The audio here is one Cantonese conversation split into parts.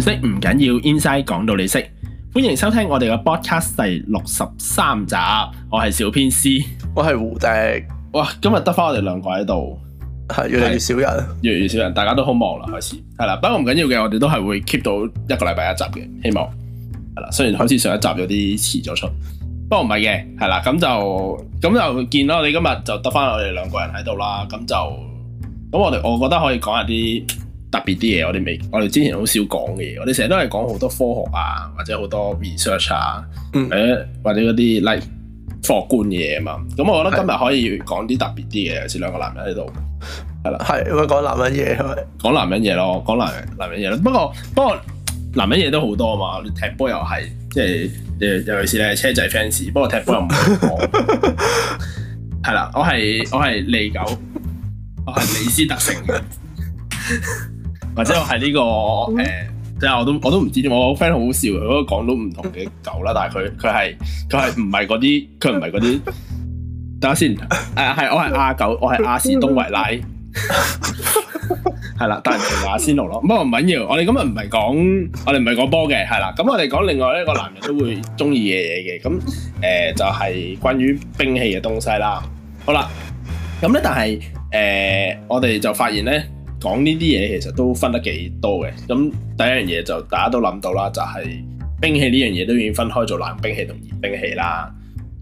唔識唔緊要，Inscie 講到你識。歡迎收聽我哋嘅 podcast 第六十三集，我係小編 C，我係胡迪。哇，今日得翻我哋兩個喺度，係越嚟越少人，越嚟越少人，大家都好忙啦。開始係啦，不過唔緊要嘅，我哋都係會 keep 到一個禮拜一集嘅，希望係啦。雖然好似上一集有啲遲咗出，不過唔係嘅，係啦，咁就咁就見到我哋今日就得翻我哋兩個人喺度啦，咁就咁我哋我覺得可以講下啲特別啲嘢，我哋未，我哋之前好少講嘅，我哋成日都係講好多科學啊，或者好多 research 啊，誒，嗯、或者嗰啲 like 科學觀嘅嘢啊嘛。咁我覺得今日可以講啲特別啲嘢，有時兩個男人喺度，係啦，係，咁啊講男人嘢係講男人嘢咯，講男男人嘢咯。不過不過，男人嘢都好多啊嘛。我哋踢波又係，即係尤其是咧車仔 fans，不過踢波又唔係。係啦， 我係我係利狗，我係李斯特城。 或者我係呢個誒，即、呃、係我都我都唔知添。我個 friend 好好笑，佢都講到唔同嘅狗啦，但係佢佢係佢係唔係嗰啲，佢唔係嗰啲。等下先，誒、呃、係我係阿狗，我係阿士東維拉，係 啦，但係同阿仙奴咯。不過唔緊要，我哋今日唔係講，我哋唔係講波嘅，係啦。咁我哋講另外一個男人都會中意嘅嘢嘅，咁誒、呃、就係、是、關於兵器嘅東西啦。好啦，咁咧但係誒、呃，我哋就發現咧。講呢啲嘢其實都分得幾多嘅，咁第一樣嘢就大家都諗到啦，就係兵器呢樣嘢都已經分開做冷兵器同熱兵器啦。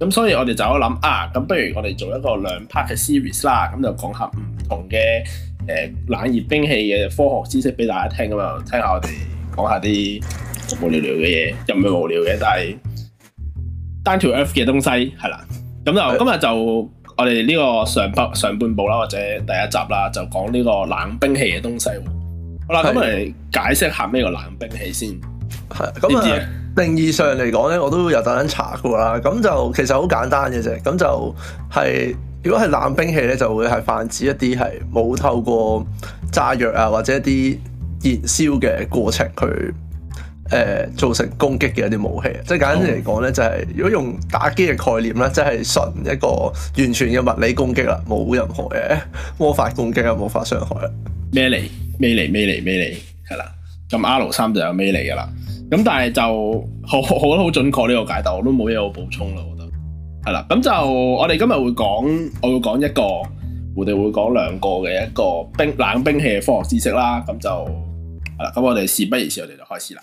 咁所以我哋就一諗啊，咁不如我哋做一個兩 part 嘅 series 啦，咁就講下唔同嘅誒、呃、冷熱兵器嘅科學知識俾大家聽咁啊，就聽下我哋講下啲無聊聊嘅嘢，又唔係無聊嘅，但係 down to earth 嘅東西係啦。咁就今日就。的我哋呢個上北上半部啦，或者第一集啦，就講呢個冷兵器嘅東西。好啦，咁嚟解釋下咩叫冷兵器先。係咁啊，定義上嚟講咧，我都有特登查過啦。咁就其實好簡單嘅啫。咁就係如果係冷兵器咧，就會係泛指一啲係冇透過炸藥啊或者一啲燃燒嘅過程去。誒、呃、造成攻擊嘅一啲武器，即係簡單嚟講咧，就係如果用打機嘅概念咧，即係純一個完全嘅物理攻擊啦，冇任何嘅魔法攻擊啊，魔法傷害啊，melee melee melee melee 係啦，咁 R 三就有 melee 噶啦，咁但係就好好都好，好準確呢個解答，我都冇嘢好補充啦，我覺得係啦。咁就我哋今日會講，我會講一個，我哋會講兩個嘅一個冰冷兵器嘅科學知識啦。咁就係啦，咁我哋事不宜遲，我哋就開始啦。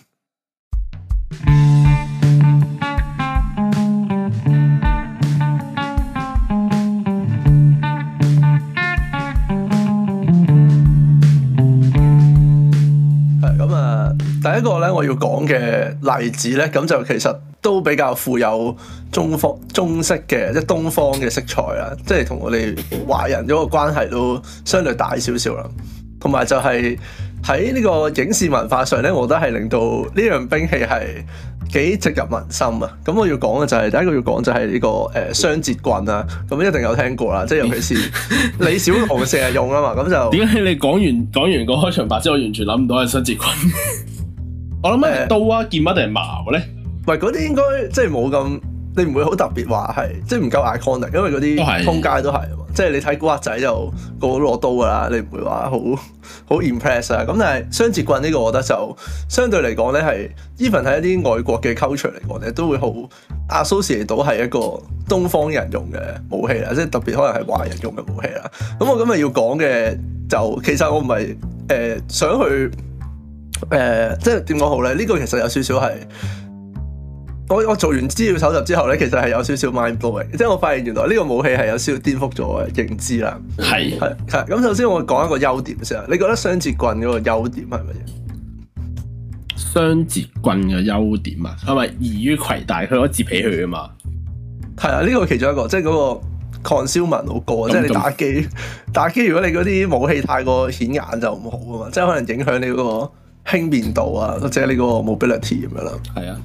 第一個咧，我要講嘅例子咧，咁就其實都比較富有中方、中式嘅，即係東方嘅色彩啊，即係同我哋華人嗰個關係都相對大少少啦。同埋就係喺呢個影視文化上咧，我覺得係令到呢樣兵器係幾植入民心啊。咁我要講嘅就係、是、第一個要講就係呢、這個誒、呃、雙節棍啊。咁一定有聽過啦，即係尤其是李小龍成日用啊嘛。咁就點解你講完講完個開場白之後，我完全諗唔到係雙節棍？ 我諗咩刀啊劍啊定係矛咧？喂，嗰啲應該即係冇咁，你唔會好特別話係即係唔夠 iconic，因為嗰啲通街都係啊嘛，哦、即係你睇古惑仔就個攞刀噶啦，你唔會話好好 impress 啊。咁但係雙截棍呢個，我覺得就相對嚟講咧，係 even 喺一啲外國嘅 culture 嚟講咧，都會好 associate 到係一個東方人用嘅武器啦，即係特別可能係華人用嘅武器啦。咁我今日要講嘅就，其實我唔係誒想去。誒、呃，即係點講好咧？呢、這個其實有少少係我我做完資料搜集之後咧，其實係有少少 mind blow，即係我發現原來呢個武器係有少少顛覆咗認知啦。係係係。咁、嗯、首先我講一個優點先啊，你覺得雙節棍嗰個優點係乜嘢？雙節棍嘅優點啊，係咪易於攜帶？佢可以摺起佢啊嘛。係啊、嗯，呢、這個其中一個，即係嗰個 concealment 好高啊。嗯、即係你打機、嗯、打機，如果你嗰啲武器太過顯眼就唔好啊嘛，即係可能影響你、那個。輕便度啊，或者呢個 mobility 咁樣啦，係啊，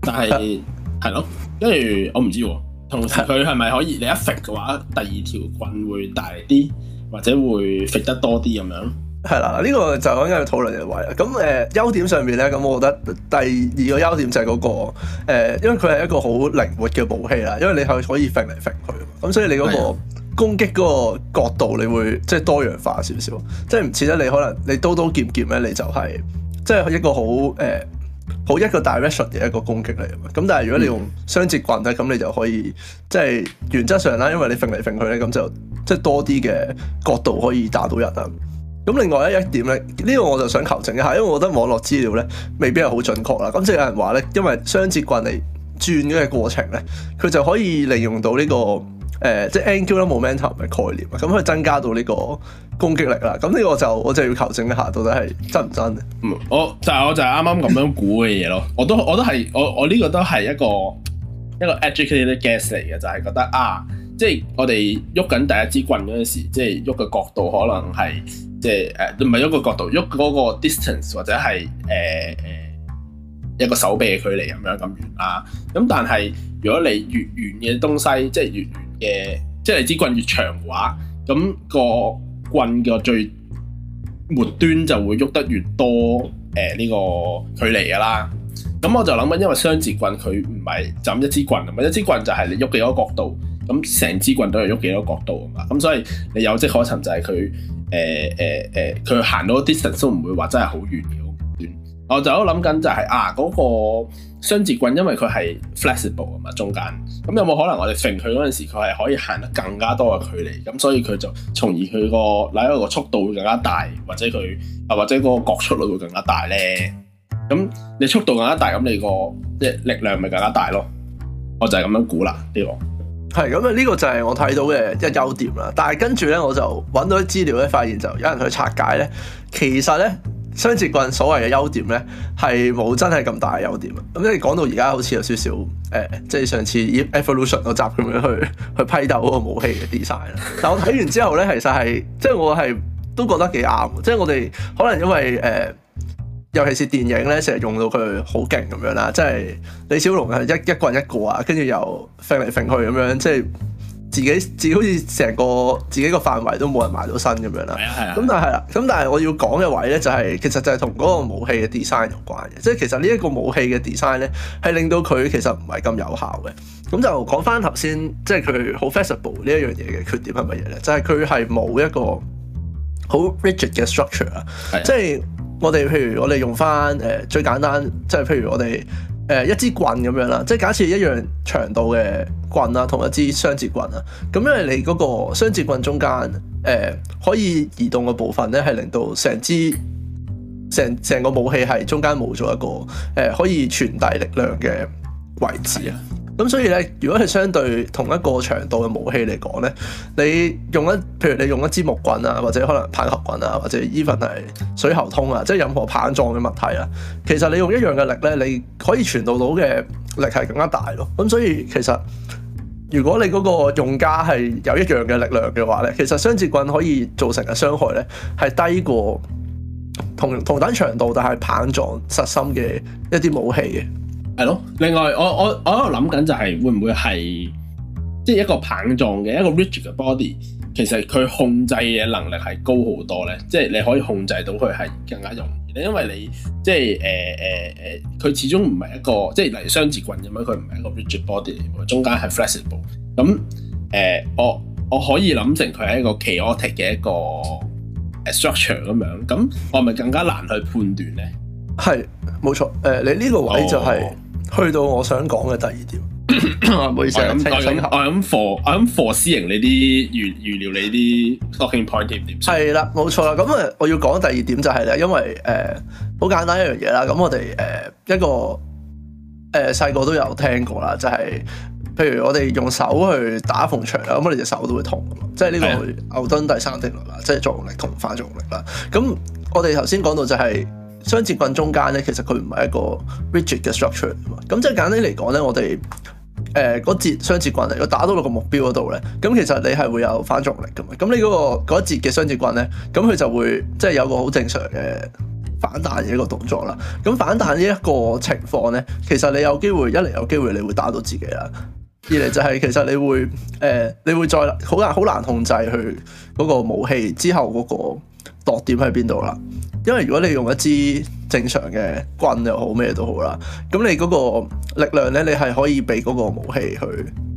但係係咯，跟住、 啊、我唔知、啊，同時佢係咪可以你一揈嘅話，第二條棍會大啲，或者會揈得多啲咁樣？係啦、啊，呢個就應該要討論嘅位啦。咁誒，優點上面咧，咁我覺得第二個優點就係嗰個誒、呃，因為佢係一個好靈活嘅武器啦，因為你係可以揈嚟揈去，咁所以你嗰個。攻擊嗰個角度，你會即係多元化少少，即係唔似得你可能你刀刀劍劍咧，你就係、是、即係一個好誒、呃、好一個 direction 嘅一個攻擊嚟啊。咁但係如果你用雙節棍咧，咁你就可以即係原則上啦，因為你揈嚟揈去咧，咁就即係多啲嘅角度可以打到人啊。咁另外一一點咧，呢、這個我就想求證一下，因為我覺得網絡資料咧未必係好準確啦。咁即係有人話咧，因為雙節棍嚟轉嘅過程咧，佢就可以利用到呢、這個。誒、呃，即係 angular momentum 嘅概念，咁佢增加到呢個攻擊力啦。咁呢個我就我就要求證一下，到底係真唔真咧？嗯，我就係、我就啱啱 我就啱啱咁樣估嘅嘢咯。我都我都係我我呢個都係一個一個 educated guess 嚟嘅，就係、係、覺得啊，即係我哋喐緊第一支棍嗰陣時，即係喐嘅角度可能係即係誒，唔係喐嘅角度，喐嗰個 distance 或者係誒誒一個手臂嘅距離咁樣咁遠啦。咁、啊嗯、但係如果你越遠嘅東西，即係越遠。嘅、呃，即係支棍越長嘅話，咁、那個棍嘅最末端就會喐得越多，誒、呃、呢、這個距離㗎喇。咁我就諗緊，因為雙節棍佢唔係就一支棍啊嘛，一支棍就係你喐幾多角度，咁成支棍都係喐幾多角度啊嘛。咁所以你有跡可尋就係佢，誒誒誒，佢、呃、行到 distance 都唔會話真係好遠。我就都諗緊就係、是、啊嗰、那個雙節棍，因為佢係 flexible 啊嘛，中間咁有冇可能我哋揈佢嗰陣時，佢係可以行得更加多嘅距離，咁所以佢就從而佢個揦落個速度會更加大，或者佢啊或者個角速率會更加大咧。咁你速度更加大，咁你個即力量咪更加大咯？我就係咁樣估啦，呢、這個係咁啊，呢個就係我睇到嘅一優點啦。但係跟住咧，我就揾到啲資料咧，發現就有人去拆解咧，其實咧。雙節棍所謂嘅優點咧，係冇真係咁大嘅優點啊！咁即係講到而家，好似有少少誒，即係上次、e《Evolution》嗰集咁樣去去批鬥嗰個武器嘅 design 但我睇完之後咧，其實係即係我係都覺得幾啱。即係我哋可能因為誒、呃，尤其是電影咧成日用到佢好勁咁樣啦，即係李小龍係一一棍一個啊，跟住又揈嚟揈去咁樣，即係。一自己自己好似成個自己個範圍都冇人埋到身咁樣啦。係啊係啊。咁、啊、但係啦，咁但係我要講嘅位咧就係、係、其實就係同嗰個武器嘅 design 有關嘅。即係其實呢一個武器嘅 design 咧係令到佢其實唔係咁有效嘅。咁就講翻頭先，即係佢好 flexible 呢一樣嘢嘅缺點係乜嘢咧？就係佢係冇一個好 rigid 嘅 structure，啊。係。即係我哋譬如我哋用翻誒、呃、最簡單，即係譬如我哋。誒、呃、一支棍咁樣啦，即係假設一樣長度嘅棍啊，同一支雙節棍啊，咁因為你嗰個雙節棍中間誒、呃、可以移動嘅部分咧，係令到成支成成個武器係中間冇咗一個誒、呃、可以傳遞力量嘅位置啊。咁所以咧，如果係相對同一個長度嘅武器嚟講咧，你用一，譬如你用一支木棍啊，或者可能棒球棍啊，或者 even 係水喉通啊，即係任何棒狀嘅物體啊，其實你用一樣嘅力咧，你可以傳導到嘅力係更加大咯。咁所以其實，如果你嗰個用家係有一樣嘅力量嘅話咧，其實雙節棍可以造成嘅傷害咧，係低過同同等長度但係棒狀實心嘅一啲武器嘅。係咯，另外我我我喺度諗緊就係會唔會係即係一個棒狀嘅一個 rigid 嘅 body，其實佢控制嘅能力係高好多咧，即係你可以控制到佢係更加容易咧，因為你即係誒誒誒，佢、呃呃、始終唔係一個即係例如雙節棍咁樣，佢唔係一個 rigid body，中間係 flexible，咁誒、嗯呃、我我可以諗成佢係一個 chaotic 嘅一個 structure 咁樣，咁我係咪更加難去判斷咧？係冇錯，誒、呃、你呢個位就係、是。哦去到我想講嘅第二點，唔 好意思啊想後，我諗 for 我諗 for 私營你啲預預料你啲 sticking point 點點係啦，冇錯啦。咁啊，我要講第二點就係、是、咧，因為誒好、呃、簡單一樣嘢啦。咁我哋誒、呃、一個誒細個都有聽過啦，就係、是、譬如我哋用手去打一幅牆，咁我哋隻手都會痛噶嘛。即係呢、這個牛頓的第三定律啦，即係作用力同反作用力啦。咁我哋頭先講到就係、是。相接中間咧，其實佢唔係一個 rigid 嘅 structure 啊，咁即係簡單嚟講咧，我哋誒嗰節雙節棍，如果打到到個目標嗰度咧，咁其實你係會有反作用力嘅嘛。咁你嗰、嗰個嗰一節嘅雙節棍咧，咁佢就會即係有個好正常嘅反彈嘅一個動作啦。咁反彈呢一個情況咧，其實你有機會，一嚟有機會你會打到自己啦，二嚟就係其實你會誒、呃、你會再好難好難控制佢嗰個武器之後嗰、嗰個。落點喺邊度啦？因為如果你用一支正常嘅棍又好咩都好啦，咁你嗰個力量咧，你係可以俾嗰個武器去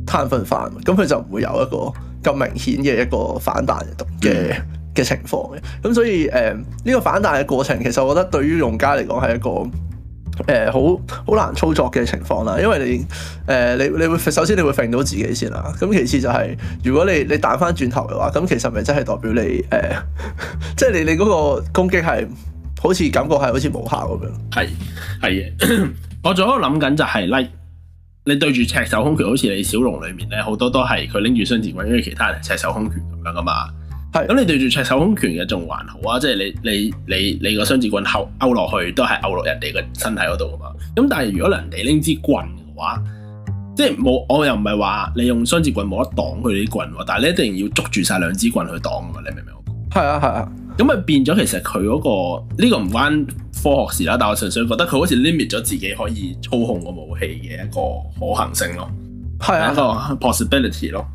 攤分返，咁佢就唔會有一個咁明顯嘅一個反彈嘅嘅情況嘅。咁所以誒，呢、呃呢個反彈嘅過程其實我覺得對於用家嚟講係一個。誒好好難操作嘅情況啦，因為你誒、呃、你你會首先你會揈到自己先啦，咁其次就係、是、如果你你彈翻轉頭嘅話，咁其實咪真係代表你誒、呃，即係你你嗰個攻擊係好似感覺係好似無效咁樣。係係嘅，我仲喺度諗緊就係、是、like 你對住赤手空拳，好似李小龍裡面咧好多都係佢拎住雙節棍跟住其他人赤手空拳咁樣㗎嘛。咁你對住赤手空拳嘅仲還好啊，即係你你你你個雙節棍勾落去都係勾落人哋個身體嗰度啊嘛。咁但係如果人哋拎支棍嘅話，即係冇我又唔係話你用雙節棍冇得擋佢哋啲棍，但係你一定要捉住晒兩支棍去擋啊嘛。你明唔明我講？係啊係啊，咁咪、啊、變咗其實佢嗰、嗰個呢、呢個唔關科學事啦，但我純粹覺得佢好似 limit 咗自己可以操控個武器嘅一個可行性咯，係、啊啊、一個 possibility 咯。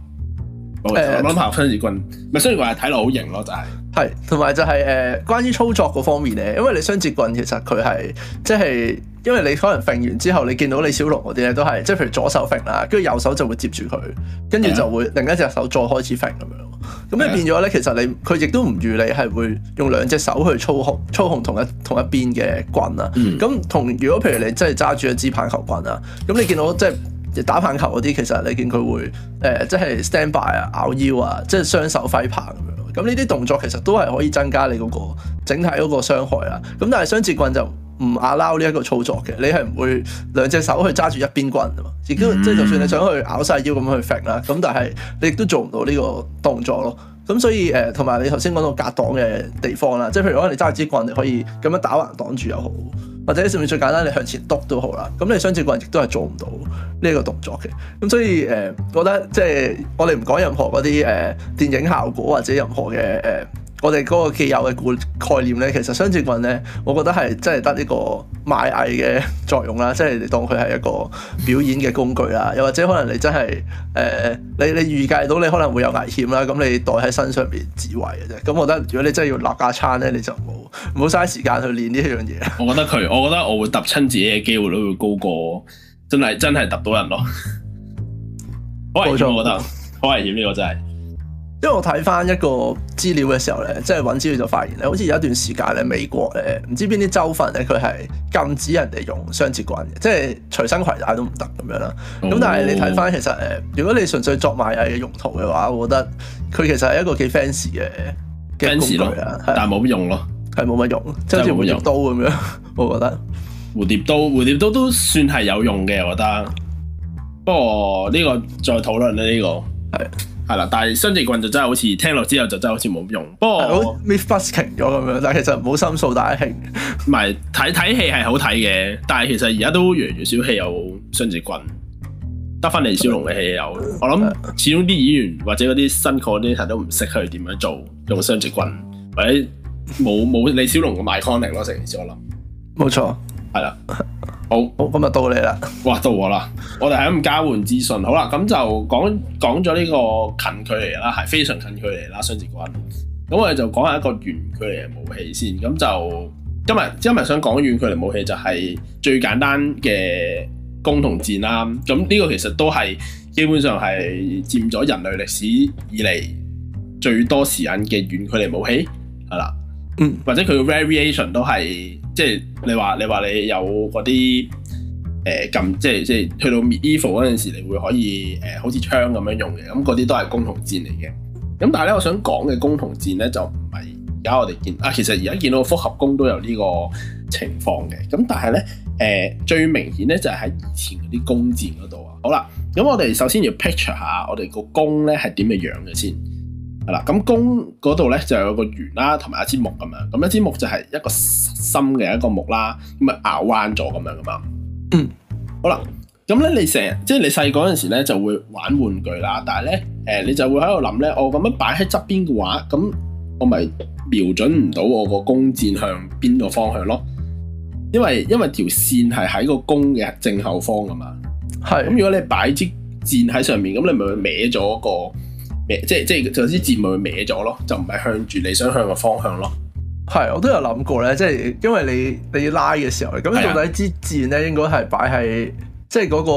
誒，攞拍、欸、雙節棍，咪雖然話睇落好型咯，就係、是。係，同埋就係、是、誒、呃，關於操作嗰方面咧，因為你雙節棍其實佢係即係，因為你可能揈完之後，你見到李小龍嗰啲咧都係，即係譬如左手揈啦，跟住右手就會接住佢，跟住就會另一隻手再開始揈咁樣。咁你、啊、變咗咧，其實你佢亦都唔如你係會用兩隻手去操控操控同一同一邊嘅棍啊。咁同、嗯、如果譬如你真係揸住一支棒球棍啊，咁你見到即係。即打棒球嗰啲，其實你見佢會誒、呃，即係 stand by 啊、咬腰啊，即係雙手揮棒咁樣。咁呢啲動作其實都係可以增加你嗰個整體嗰個傷害啦。咁但係雙節棍就唔 allow 呢一個操作嘅，你係唔會兩隻手去揸住一邊棍啊嘛。亦都、即係 mm hmm. 即係就算你想去咬晒腰咁去劈啦，咁但係你亦都做唔到呢個動作咯。咁所以誒，同、呃、埋你頭先講到隔擋嘅地方啦，即係譬如可能你揸支棍，你可以咁樣打橫擋住又好。或者上面最簡單，你向前督都好啦。咁你雙節棍亦都係做唔到呢一個動作嘅。咁所以誒，呃、我覺得即係我哋唔講任何嗰啲誒電影效果或者任何嘅誒。呃我哋嗰個既有嘅概念咧，其實雙節棍咧，我覺得係真係得呢個賣藝嘅作用啦，即係你當佢係一個表演嘅工具啦，又或者可能你真係誒、呃，你你預計到你可能會有危險啦，咁你袋喺身上邊自衛嘅啫。咁我覺得如果你真係要立架撐咧，你就唔好唔好嘥時間去練呢樣嘢。我覺得佢，我覺得我會揼親自己嘅機會率會高過真係真係揼到人咯。 好危險。 我覺得，好危險呢個真係。因為我睇翻一個資料嘅時候咧，即係搵資料就發現咧，好似有一段時間咧，美國誒唔知邊啲州份咧，佢係禁止人哋用雙節棍，嘅，即係隨身携帶都唔得咁樣啦。咁、哦、但係你睇翻其實誒，如果你純粹作賣藝嘅用途嘅話，我覺得佢其實係一個幾 fancy 嘅，fancy 咯，嘅工具但係冇乜用咯，係冇乜用，即係好似蝴蝶刀咁樣，我覺得蝴蝶刀蝴蝶刀都算係有用嘅，我覺得。不過呢、這個再討論啦，呢個係。係啦，但係雙截棍就真係好似聽落之後就真係好似冇用。不過我， 不好 miss 咗咁樣，但係其實冇心掃大興。唔係睇睇戲係好睇嘅，但係其實而家都越嚟越少戲有雙截棍，得返李小龍嘅戲有。我諗始終啲演員或者嗰啲新 c o n 都唔識去點樣做，用雙截棍或者冇冇李小龍嘅賣 con 力咯。成件事我諗，冇錯。係啦，好，好，今日到你啦，哇，到我啦，我哋係咁交換資訊，好啦，咁就講講咗呢個近距離啦，係非常近距離啦，雙截棍，咁我哋就講下一個遠距離武器先，咁就今日今日想講遠距離武器就係最簡單嘅弓同箭啦，咁呢個其實都係基本上係佔咗人類歷史以嚟最多時間嘅遠距離武器，係啦，嗯，或者佢嘅 variation 都係。即係你話你話你有嗰啲，誒、撳，即係即係去到 medieval 嗰陣時，你會可以誒、呃、好似槍咁樣用嘅，咁嗰啲都係弓同箭嚟嘅。咁但係咧，我想講嘅弓同箭咧就唔係而家我哋見啊，其實而家見到個複合弓都有呢個情況嘅。咁但係咧，誒、呃、最明顯咧就係喺以前嗰啲弓箭嗰度啊。好啦，咁我哋首先要 picture 下我哋個弓咧係點嘅樣嘅先。啦，咁弓嗰度咧就有個圓啦，同埋一支木咁樣。咁一支木就係一個深嘅一個木啦，咁啊拗彎咗咁樣噶嘛。嗯、 好啦，咁咧你成日即係你細嗰陣時咧就會玩玩具啦，但係咧誒你就會喺度諗咧，我咁樣擺喺側邊嘅話，咁我咪瞄準唔到我個弓箭向邊個方向咯？因為因為條線係喺個弓嘅正後方噶嘛。係是。咁如果你擺支箭喺上面，咁你咪會歪咗，那個。即係即係，就啲箭會歪咗咯，就唔係向住你想向嘅方向咯。係，我都有諗過咧，即係因為你你要拉嘅時候，咁到底支箭咧，應該係擺喺即係嗰個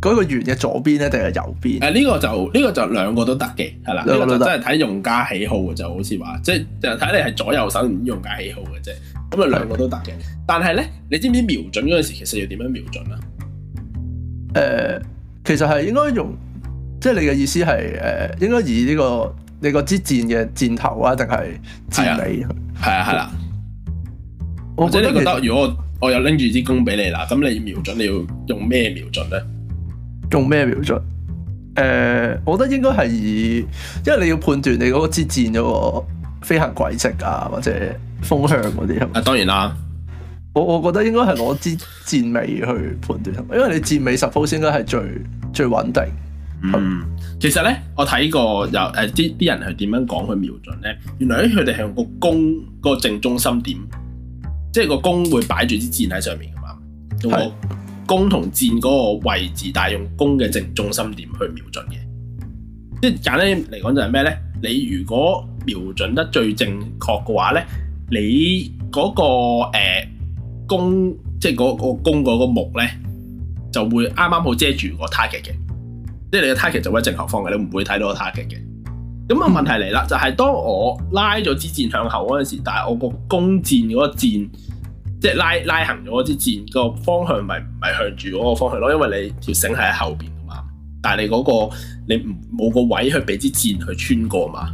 嗰個圓嘅左邊咧，定係右邊？誒，呢個就呢個就兩個都得嘅，係啦，呢個就真係睇用家喜好嘅，就好似話即係睇你係左右手唔用家喜好嘅啫。咁啊，兩個都得嘅，的但係咧，你知唔知瞄準嗰陣時，其實要點樣瞄準呀？誒、呃，其實係應該用。即係你嘅意思係誒、呃，應該以呢、這個你個支箭嘅箭頭啊，定係箭尾？係啊，係 啦。 我即你覺得，如果我有拎住支弓俾你啦，咁你瞄準，你要用咩瞄準咧？用咩瞄準？誒、呃，我覺得應該係以，因為你要判斷你嗰個支箭嘅飛行軌跡啊，或者風向嗰啲啊。啊，當然啦。我我覺得應該係攞支箭尾去判斷，因為你箭尾十拋先，suppose, 應該係最最穩定。嗯，其實咧，我睇過有誒啲啲人係點樣講去瞄準咧。原來咧，佢哋係用個弓個正中心點，即係個弓會擺住支箭喺上面噶嘛。是用個弓同箭嗰個位置，但係用弓嘅正中心點去瞄準嘅。即係簡單嚟講就係咩咧？你如果瞄準得最正確嘅話咧，你嗰個、呃、弓，即係嗰個弓嗰個木咧，就會啱啱好遮住個 target 嘅。即係你嘅 target 就喺正下方嘅，你唔會睇到個 target 嘅。咁啊，問題嚟啦，就係、是、當我拉咗支箭向後嗰陣時，但係我個弓箭嗰個箭，即係拉拉行咗支箭的方個方向，咪唔係向住嗰個方向咯。因為你條繩係喺後邊噶嘛，但係你嗰、那個你冇個位去俾支箭去穿過嘛。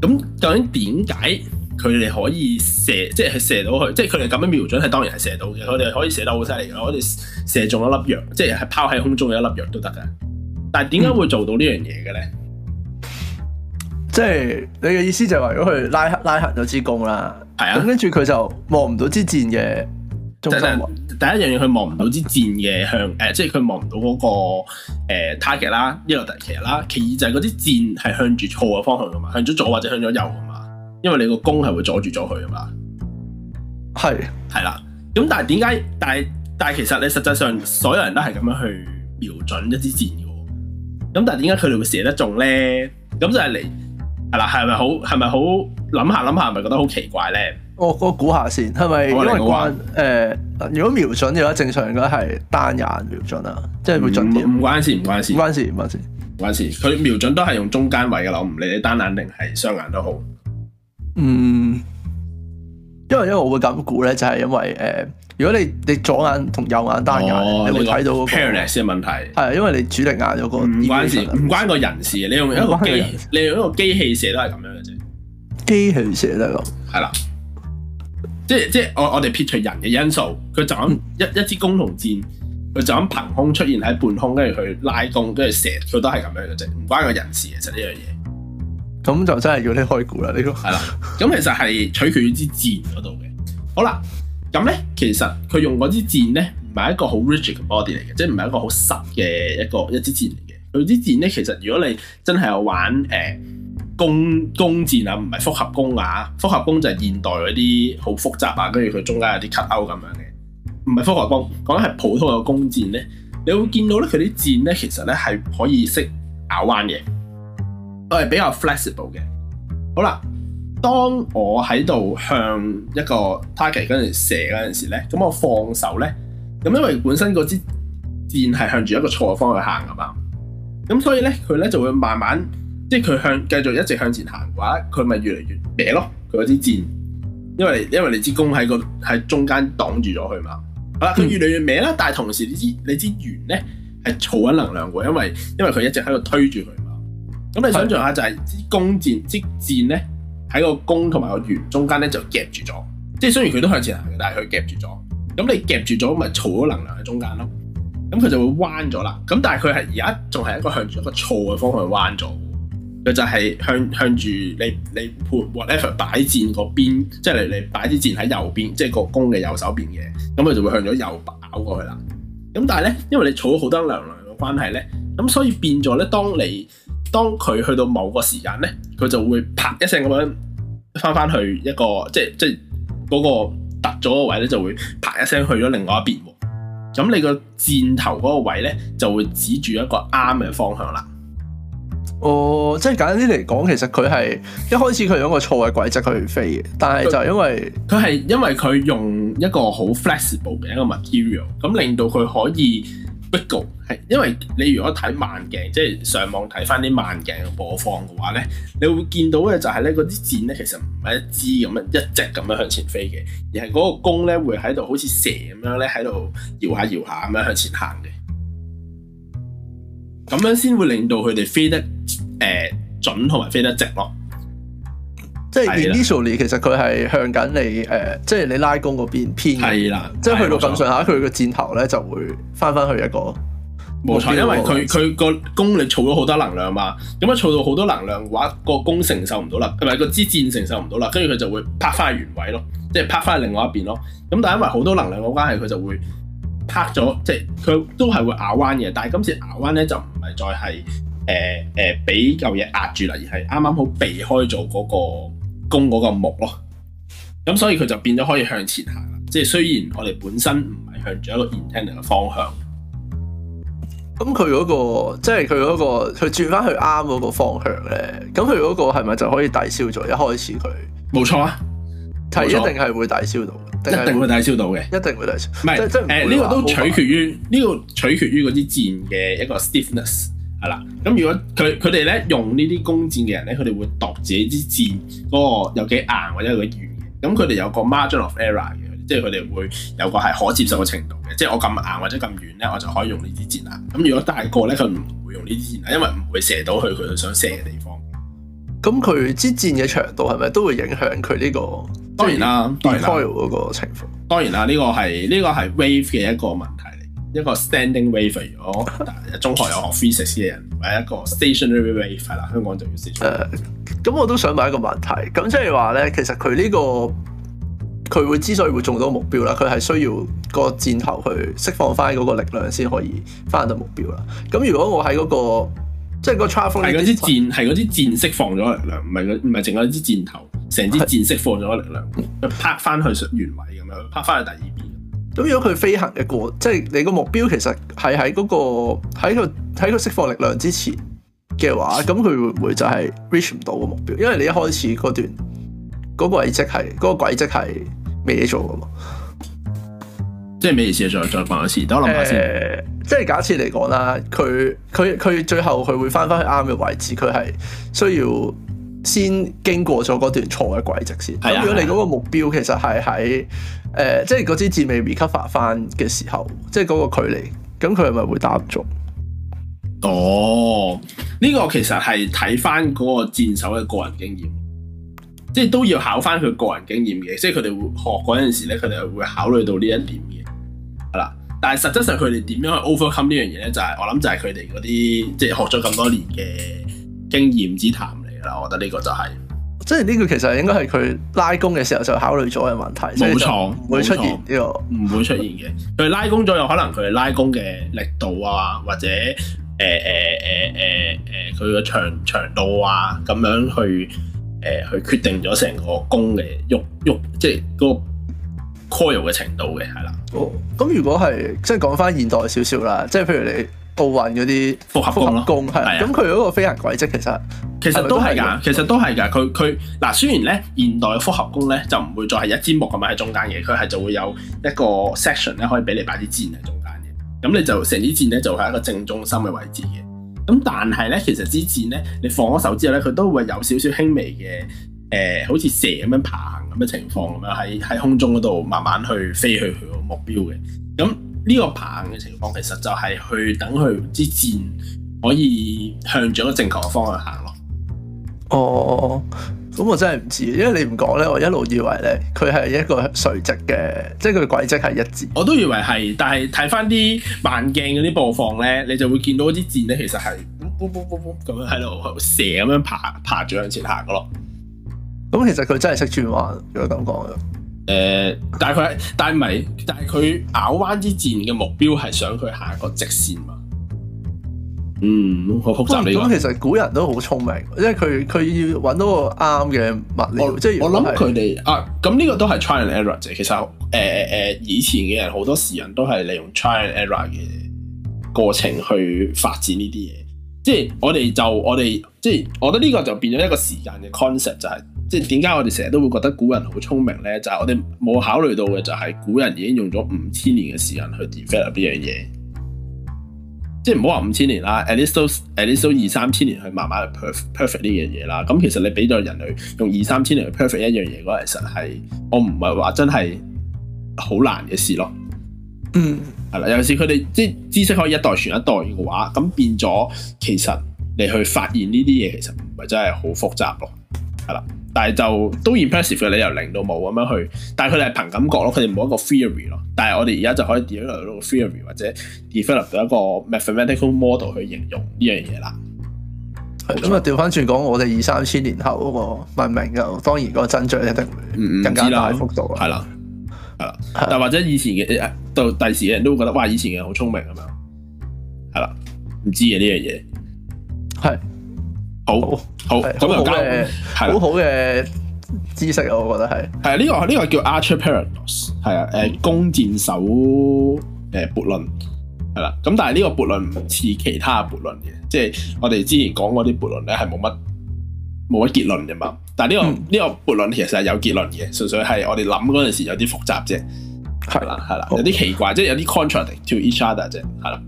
咁究竟點解？佢哋可以射，即係射到佢，即係佢哋咁樣瞄準，係當然係射到嘅。佢哋可以射得好犀利嘅，我哋射中一粒藥，即係拋喺空中嘅一粒藥都得噶。但係點解會做到樣呢樣嘢嘅咧？即係你嘅意思就係話，如果佢拉黑拉黑咗支弓啦，係啊，跟住佢就望唔到支箭嘅中心。第一樣嘢，佢望唔到支箭嘅向，誒，即係佢望唔到嗰個誒 target 啦，伊拉克旗啦。其二就係嗰啲箭係向住錯嘅方向噶嘛，向左左或者向左右。因為你個弓係會阻住咗佢啊嘛，係係啦。咁但係點解？但係但係其實你實際上所有人都係咁樣去瞄準一支箭嘅。咁但係點解佢哋會射得中咧？咁就係嚟係啦。係咪好？係咪好？諗下諗下，係咪覺得好奇怪咧？我估下先，係、呃、咪？可能關如果瞄準嘅話、呃，正常應該係單眼瞄準啊，即、嗯、係會準啲。唔關事，唔關事，唔關事，唔關事。唔關事，佢瞄準都係用中間位嘅啦。唔理你單眼定係雙眼都好。嗯，因為因為我會咁估咧，就係因為誒，如果你你左眼同右眼單眼，你會睇到個 parallax 嘅問題。係啊，因為你主力眼有個唔關事，唔關個人事。你用一個機，你用一個機器射都係咁樣嘅啫。機器射都係咁，係啦，即係即係我我哋撇除人嘅因素，佢就咁一一支弓同箭，佢就咁憑空出現喺半空，跟住佢拉弓，跟住射，佢都係咁樣嘅啫，唔關個人事嘅，其實呢樣嘢。咁就真係要開鼓你開估啦，呢個係啦。咁其實係取決於支箭嗰度嘅。好啦，咁咧其實佢用嗰支箭咧，唔係一個好 rigid 嘅 body 嚟嘅，即係唔係一個好實嘅一個一支箭嚟嘅。佢支箭咧，其實如果你真係有玩誒、呃、弓弓箭啊，唔係複合弓啊，複合弓就係現代嗰啲好複雜啊，跟住佢中間有啲 c u 卡勾咁樣嘅，唔係複合弓，講緊係普通嘅弓箭咧，你會見到咧佢啲箭咧，其實咧係可以識拗彎嘅。我係比較 flexible 嘅。好啦，當我喺度向一個 target 嗰陣射嗰陣時咧，咁我放手咧，咁因為本身嗰支箭係向住一個錯方向行㗎嘛，咁所以咧佢咧就會慢慢，即係佢向繼續一直向前行嘅話，佢咪越嚟越歪咯，佢嗰支箭，因為因為你支弓喺個喺中間擋住咗佢嘛。好啦，佢越嚟越歪啦，但係同時你支你支弦咧係儲緊能量喎，因為因為佢一直喺度推住佢。咁、嗯、你想象下，就係支弓箭，即箭咧喺個弓同埋個弦中間咧就夾住咗，即係雖然佢都向前行，但係佢夾住咗。咁你夾住咗，咪儲咗能量喺中間咯。咁、嗯、佢就會彎咗啦。咁、嗯、但係佢係而家仲係一個向住一個錯嘅方向彎咗。佢就係、是、向向住你你判 whatever 擺箭嗰邊，即係你你擺支箭喺右邊，即係個弓嘅右手邊嘅。咁、嗯、佢就會向咗右擺過去啦。咁、嗯、但係咧，因為你儲咗好多能量嘅關係咧，咁所以變咗咧，當你當佢去到某個時間咧，佢就會啪一聲咁樣翻翻去一個即係即係嗰個凸咗個位咧，就會啪一聲去咗另外一邊。咁你個箭頭嗰個位咧就會指住一個啱嘅方向啦。哦、呃，即係簡單啲嚟講，其實佢係一開始佢用一個錯嘅軌跡去飛嘅，但係就因為佢係因為佢用一個好 flexible 嘅一個 material，咁令到佢可以。Bingo，係因為你如果睇慢鏡，即係上網睇翻啲慢鏡嘅播放嘅話咧，你會見到嘅就係咧，嗰啲箭咧，其實唔係一支咁樣一直咁樣向前飛嘅，而係嗰個弓咧會喺度好似蛇咁樣咧喺度搖下搖下咁樣向前行嘅，咁樣先會令到佢哋飛得誒、呃、準同埋飛得直咯。即係 initially 了其實佢係向緊你誒、呃，即係你拉弓嗰邊偏嘅。係啦了，即係去到咁上下，佢個錯箭頭咧就會翻翻去一個冇錯，因為佢佢他個弓力儲咗好多能量嘛。咁一儲到好多能量嘅話，個弓承受唔到啦，係咪個支箭承受唔到啦。跟住佢就會拍翻去原位咯，即係拍翻去另外一邊咯。咁但係因為好多能量嘅關係，佢就會拍咗，即係佢都係會咬彎嘅。但係今次壓彎咧就唔係再係誒誒俾嚿嘢壓住啦，而係啱啱好避開咗嗰個。弓嗰個木咯，咁所以佢就變咗可以向前行啦。即係雖然我哋本身唔係向住一個 intending 嘅方向，咁佢嗰個即係佢嗰個，佢、那個、轉翻去啱嗰個方向咧，咁佢嗰個係咪就可以抵消咗一開始佢？冇錯啊，係一定係會抵消到嘅。一定會抵消到嘅，一定會抵消。唔係是，即係誒呢個都取決於呢快個取決於嗰啲箭嘅一個 stiffness。係啦，咁如果佢佢哋咧用呢啲弓箭嘅人咧，佢哋會度自己支箭嗰個有幾硬或者有幾遠嘅，咁佢哋有個 margin of error 嘅，即係佢哋會有個係可接受嘅程度嘅，即係我咁硬或者咁遠咧，我就可以用呢支箭啦。咁如果大個咧，佢唔會用呢支箭啦，因為唔會射到去佢想射嘅地方。咁佢支箭嘅長度係咪都會影響佢呢個當？當然啦，當然啦，嗰個情況當然啦，呢個係呢個係 wave 嘅一個問題。一個 standing wave r 我，但係中學有學 physics 嘅人。 或者一個 stationary wave 啦，香港就要 s 咁、uh, 我都想問一個問題，咁即係話咧，其實佢呢、呢個佢會之所以會中到目標啦，佢係需要個箭頭去釋放翻嗰個力量先可以翻到目標啦。咁如果我喺嗰、嗰個即係嗰 c h a c e 係嗰支箭，係嗰支箭釋放咗力量，唔係唔係淨係一支箭頭，成支箭釋放咗力量，拍翻的去原位咁樣，拍翻去第二邊。咁如果佢飛行嘅過，即係你個目標其實係喺嗰個喺佢喺個釋放力量之前嘅話，咁佢會唔會就係 reach 唔到個目標？因為你一開始嗰段嗰、嗰個軌跡係嗰個軌跡係未嘢做㗎嘛，即係未嘢做再再放一次，等我諗下先。即係假設嚟講啦，佢佢佢最後佢會翻返去啱嘅位置，佢係需要先經過咗嗰段錯嘅軌跡先。咁、啊、如果你嗰個目標其實係喺誒、呃，即係嗰支箭未 recover 翻嘅時候，即係嗰個距離，咁佢係咪會打唔中？哦，呢、這個其實係睇翻嗰個戰手嘅個人經驗，即係都要考翻佢個人經驗嘅，即係佢哋會學嗰陣時咧，佢哋會考慮到呢一點嘅。係啦，但係實質上佢哋點樣去 overcome 呢樣嘢咧？就係、是、我諗就係佢哋嗰啲即係學咗咁多年嘅經驗之談嚟啦。我覺得呢個就係、是。即係呢個其實應該係佢拉弓嘅時候就考慮咗嘅問題，冇錯，唔會出現呢錯、呢個唔會出現嘅。佢拉弓咗，有可能佢拉弓嘅力度啊，或者誒誒誒誒誒佢個長長度啊，咁樣去誒、呃、去決定咗成個弓嘅喐喐，即係嗰個 coil 嘅程度嘅，係啦。好，咁如果係即係講翻現代少少啦，即係譬如你。奧運嗰啲複合弓咯，弓係的，咁佢嗰個飛行軌跡其實其實都係㗎，其實都係㗎。佢佢嗱，雖然咧現代嘅複合弓咧就唔會再係一支木咁樣喺中間嘅，佢係就會有一個 section 咧可以俾你擺啲箭喺中間嘅。咁你就成支箭咧就係、是、一個正中心嘅位置嘅。咁但係咧，其實支箭咧你放咗手之後咧，佢都會有少少輕微嘅誒、呃，好似蛇咁樣爬行咁嘅情況咁樣，喺喺空中嗰度慢慢去飛去佢個目標嘅。咁呢個行嘅情況其實就係去等佢支箭可以向咗個正確嘅方向行咯。哦，咁我真係唔知，因為你唔講咧，我一路以為咧佢係一個垂直嘅，即係佢嘅軌跡係一致。我都以為係，但係睇翻啲慢鏡嗰啲播放咧，你就會見到支箭咧，其實係咁咁咁咁咁咁樣喺度蛇咁樣爬爬住向前行嘅咯。咁其實佢真係識轉彎，如果咁講嘅。誒、呃，但係佢，但係唔係，但係佢咬彎之箭嘅目標係想佢下一個直線嘛？嗯，好複雜你講。其實古人都好聰明，因為佢佢要揾到個啱嘅物料，即係我諗佢哋啊。咁呢個都係 trial and error 啫。其實誒誒、呃呃、以前嘅人好多時人都係利用 trial and error 嘅過程去發展呢啲嘢。即係我哋就我哋即係，我覺得呢個就變咗一個時間嘅 concept 就係、是。即係點解我哋成日都會覺得古人好聰明咧？就係、是、我哋冇考慮到嘅就係古人已經用咗五千年嘅時間去 develop 呢樣嘢。即係唔好話五千年啦 at,，at least 都二,三千，慢慢 perfect, 二三千年去慢慢 perfect perfect 呢樣嘢啦。咁其實你俾咗人類用二三千年去 perfect 一樣嘢，嗰其實係我唔係話真係好難嘅事咯。嗯，係 啦樂。尤其是佢哋即係知，知識可以一代傳一代嘅話，咁變咗其實你去發現呢啲嘢其實唔係真係好複雜咯。係啦。但係就都 impressive 嘅，理由零到冇咁樣去，但係佢哋係憑感覺咯，佢哋冇一個 theory 咯。但係我哋而家就可以 develop 到個 theory 或者 develop 到一個 mathematical model 去形容呢樣嘢啦。咁啊、嗯，調翻轉講我哋二三千年後嗰個文明嘅，當然個增長一定唔唔止啦，更加大幅度係啦，係啦、嗯。但或者以前嘅到第時嘅人都會覺得，哇！以前嘅人好聰明咁樣，係啦，唔知嘅呢樣嘢係。這個好好，咁又加，好好嘅知識啊，我覺得係係呢個呢、呢個叫 Archer's Paradox，係啊，誒弓、嗯、箭手誒悖論係啦，咁、呃、但係呢個悖論唔似其他悖論嘅，即係我哋之前講嗰啲悖論咧係冇乜冇乜結論嘅嘛，但係、呢、呢個呢、嗯、個悖論其實係有結論嘅，純粹係我哋諗嗰陣時有啲複雜啫，係啦係啦，有啲奇怪，即係有啲 contradict to each other 啫，係啦。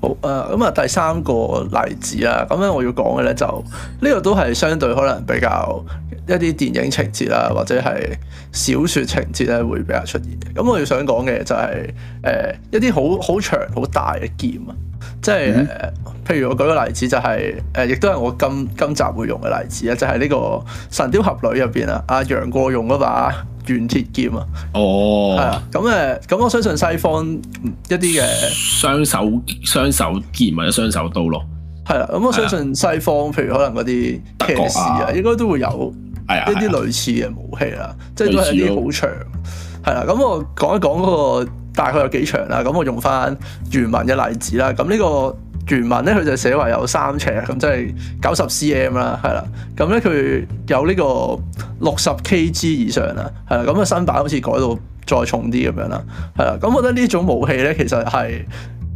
好啊，咁、嗯、啊，第三個例子啊，咁咧我要講嘅咧就呢、是這個都係相對可能比較一啲電影情節啊，或者係小説情節咧會比較出現嘅。咁我要想講嘅就係、是、誒、呃、一啲好好長好大嘅劍啊，即係誒，嗯、譬如我舉個例子就係、是、誒、呃，亦都係我今今集會用嘅例子、就是、啊，就係呢個神鵰俠侶入邊啊，阿楊過用嗰把。玄鐵劍啊！哦，係啊，咁誒，咁我相信西方一啲嘅雙手雙手劍或者雙手刀咯，係啦，咁我相信西方譬的如可能嗰啲騎士啊，應該都會有一啲的的類似嘅武器啦，的即係都係一啲好長，係啦，咁我講一講嗰個大概有幾長啦，咁我用翻原文嘅例子啦，咁呢個。原文咧佢就寫話有三尺咁，即係九十 cm 啦，係啦。咁咧佢有呢個六十 kg 以上啦，係啦。咁個新版好似改到再重啲咁樣啦，係啦。咁我覺得呢種武器咧，其實係誒、